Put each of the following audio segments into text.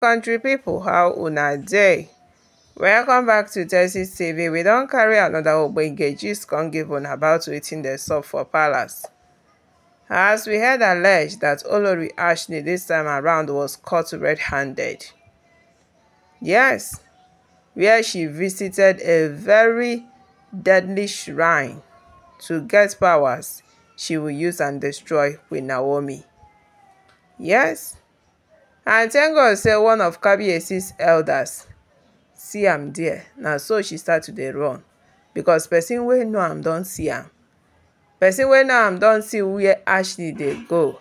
country people, how una day welcome back to texas tv we don't carry another ogbenge gist come give una about wetin the sup for palace as we heard alleged that olori ashley this time around was caught red-handed yes where she visited a very deadly shrine to get powers she will use and destroy with naomi yes and thank god say one of kabiyesi's elders see am there now, so she start to dey run because person wey know am don see am person wey know am don see where ashley dey go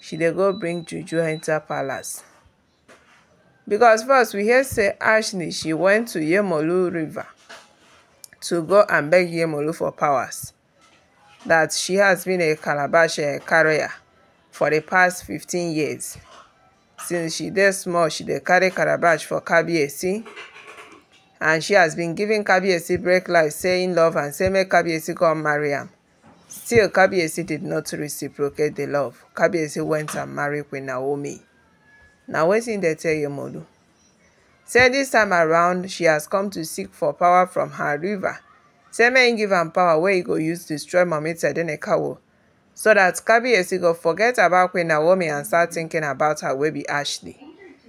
she dey go bring juju enter palace because first we hear say ashley she went to yemolu river to go and beg yemolu for powers that she has been a calabash carrier for the past 15 years Since she dey small, she dey carry calabash for Kabiyesi. And she has been giving Kabiyesi break life, saying love and say make Kabiyesi come marry am. Still, Kabiyesi did not reciprocate the love. Kabiyesi went and married Queen Naomi. Na wetin dey tell Yemolu? Say this time around, she has come to seek for power from her river. Say make im give am power wey he go use destroy Mami Tadenekawo so that kabiyesi go forget about queen naomi and start thinking about her wey be ashley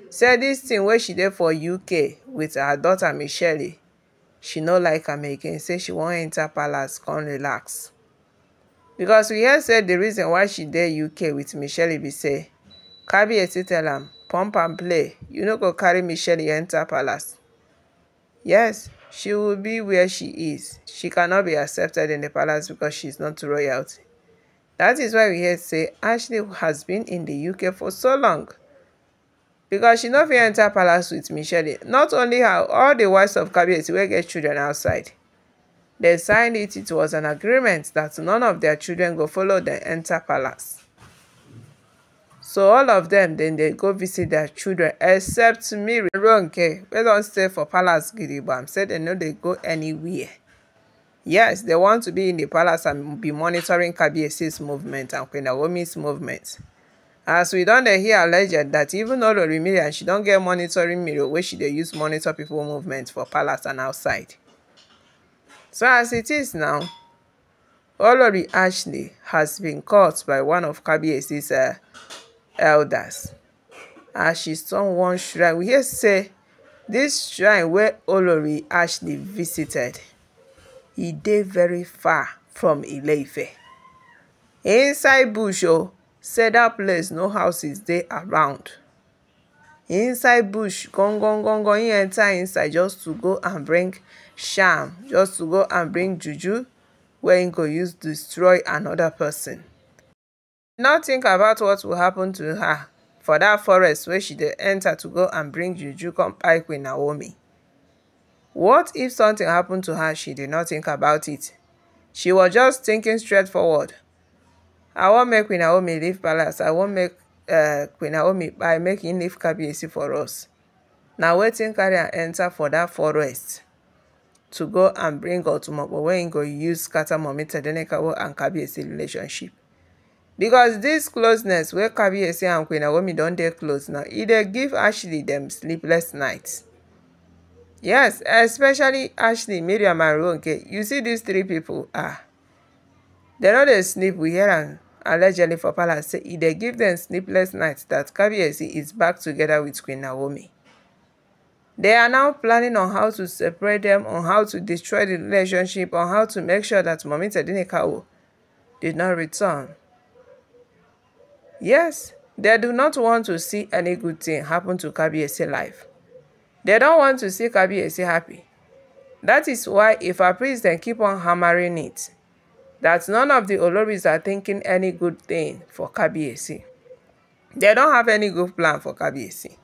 say this thing wey she dey for uk with her daughter michelle she no like am again say she wan enter palace come relax Because we hear say the reason why she dey uk with michelle be say kabiyesi tell am pump and play you no go carry michelle enter palace yes she will be where she is she cannot be accepted in the palace because she is not royalty That is why we hear say Ashley has been in the UK for so long. Because she not fit enter palace with Michelle. Not only her, all the wives of Kabiyesi will get children outside. They signed it, it was an agreement that none of their children go follow them enter palace. So all of them, then they go visit their children, except Mary Ronke, don't stay for palace Gidigbam, said they no they go anywhere. Yes, they want to be in the palace and be monitoring KBS's movement and Queen Naomi's movement. As we don't hear alleged that even Olorimi and she don't get monitoring mirror wey she they use monitor people movement for palace and outside. So as it is now, Olori Ashley has been caught by one of KBS's uh, elders as she's on one shrine. We hear say this shrine where Olori Ashley visited e dey very far from Ile-Ife. Inside bush oh, say dat place no houses dey around. Inside bush gong gong gong gong. e enter inside just to go and bring charm, just to go and bring juju where e go use destroy another person. Now think about what will happen to her for that forest where she dey enter to go and bring juju come kpai Queen Naomi. What if something happened to her she did not think about it? She was just thinking straightforward. I won't make Queen Naomi leave palace. I won't make uh, Queen Naomi by making leave Kabiyesi for us. Now waiting carry and enter for that forest to go and bring Otumogbo wey im go use scatter Mummy Tadenikawo and Kabiyesi relationship. Because this closeness where Kabiyesi and Queen Naomi don't dey close now, either give Ashley them sleepless nights. Yes, especially Ashley, Miriam, and Ronke. You see these three people, ah. They no dey sleep, we hear and allegedly for palace say e dey give them sleepless nights that Kabiyesi is back together with Queen Naomi. They are now planning on how to separate them, on how to destroy the relationship, on how to make sure that Mami Tedinikawo did not return. Yes, they do not want to see any good thing happen to Kabiyesi life. They don't want to see Kabiyesi happy. That is why Ifa priest then keep on hammering it. That none of the Oloris are thinking any good thing for Kabiyesi. They don't have any good plan for Kabiyesi.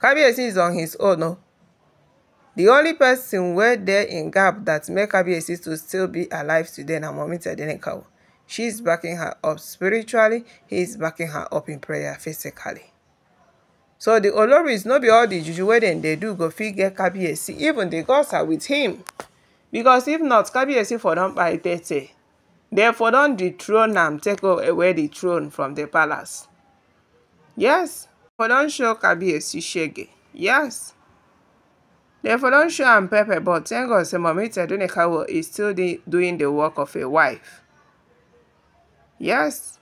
Kabiyesi is on his own. No? The only person where there in gap that make Kabiyesi to still be alive today na Mummy Tedienekawo. She is backing her up spiritually. He is backing her up in prayer physically so di oloris not be all the juju wey dem dey do go fit get kabiyesi even di gods are with him because if not kabiyesi for don kpai tete they for don dethrone am take away the throne from the palace yes for don show kabiyesi shege yes they for don show am pepper but thank god say mummy teduneikawo is still doing the work of a wife yes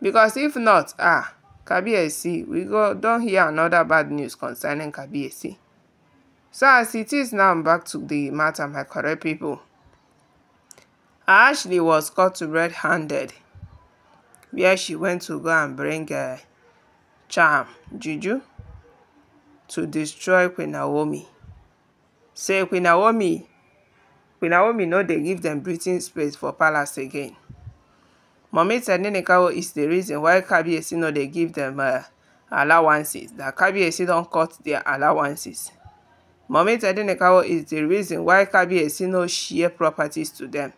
because if not ah Kabiyesi, we go don hear another bad news concerning Kabiyesi. So as it is now, back to the matter, my correct people. Ashley was caught red-handed where she went to go and bring a eh, charm, Juju, to destroy Queen Naomi. Say Queen Naomi, Queen Naomi no they give them breathing space for palace again. Mohammed Sani Nkawo is the reason why Kabiyesi no they give them uh, allowances, that Kabiyesi don't cut their allowances. Mohammed Sani Nkawo is the reason why Kabiyesi no share properties to them.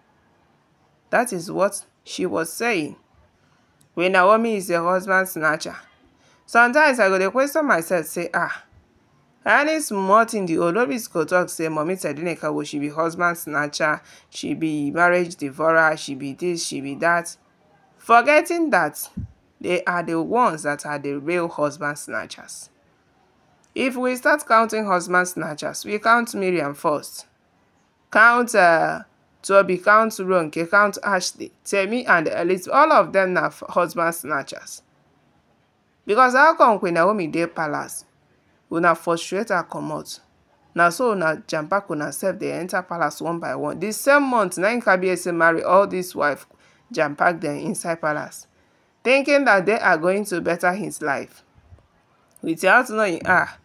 That is what she was saying. When Naomi is a husband snatcher. Sometimes I go to question myself say ah, any small thing the olobis go talk say Mommy Tedineka, well, she be husband snatcher, she be marriage devourer, she be this, she be that forgetting that they are the ones that are the real husband snatchers. If we start counting husband snatchers, we count Miriam first. Count uh, Toby, count Ronke, count Ashley, Temi and Elise. All of them are husband snatchers. Because how come Queen Naomi dey palace? Una frustrate her comot. Na so una jam back una sef they enter palace one by one. The same month, na im Kabiyesi marry all these wife jam-pack them inside palace, thinking that they are going to better his life. Without knowing ah,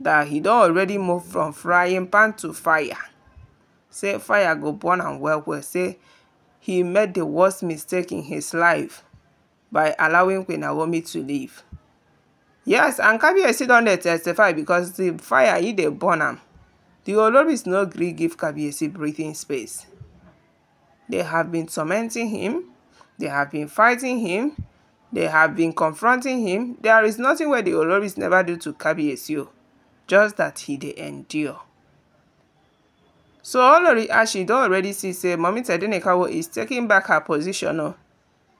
that he don't already move from frying pan to fire. Say fire go burn and well well. Say he made the worst mistake in his life by allowing Queen Naomi to leave. Yes, and Kabiyesi don dey testify because the fire e dey burn am. The Oloris no gree give Kabiyesi breathing space. They have been tormenting him. They have been fighting him. They have been confronting him. There is nothing where the Oloris never do to Kabiesio, just that he they endure. So Olori Ashido already see, say Mommy Tedinekawo is taking back her position. Oh.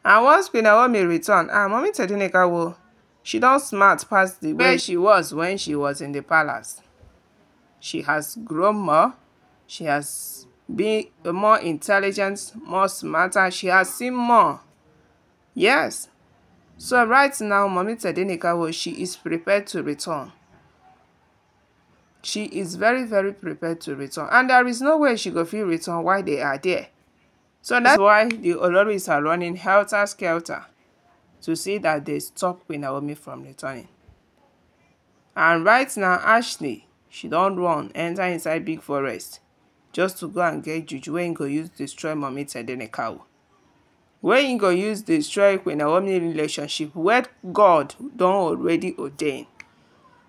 And once Pinawomi return, ah, Mommy Tedinekawo, she don't smart past the way she was when she was in the palace. She has grown more. She has Be more intelligent, more smarter. She has seen more. Yes. So right now, Mommy Tedenikawo, she is prepared to return. She is very, very prepared to return. And there is no way she go feel return while they are there. So that's why the Oloris are running helter-skelter to see that they stop Queen Naomi from returning. And right now, Ashley, she don't run, enter inside big forest just to go and get juju wey im go use destroy mommy tedenekawo wey im go use destroy queen naomi relationship wey god don already ordain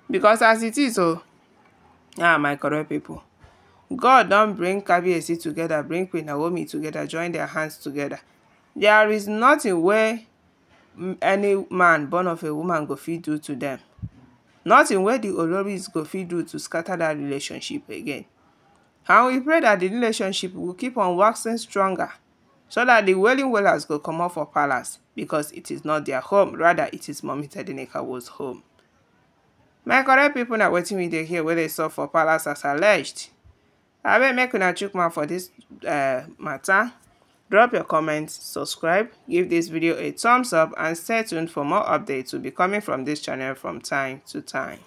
because as it is o oh, ah my correct people, god don bring kabiyesi together bring queen naomi together join their hands together there is nothing wey any man born of a woman go fit do to them. nothing wey the oloris go fit do to scatter that relationship again And we pray that the relationship will keep on waxing stronger so that the willing wellers will come out for palace because it is not their home, rather it is Mommy Tedinekawo's home. My correct people are waiting me dey hear wey dey for palace as alleged. will make a check mouth for this uh, matter. Drop your comments, subscribe, give this video a thumbs up and stay tuned for more updates will be coming from this channel from time to time.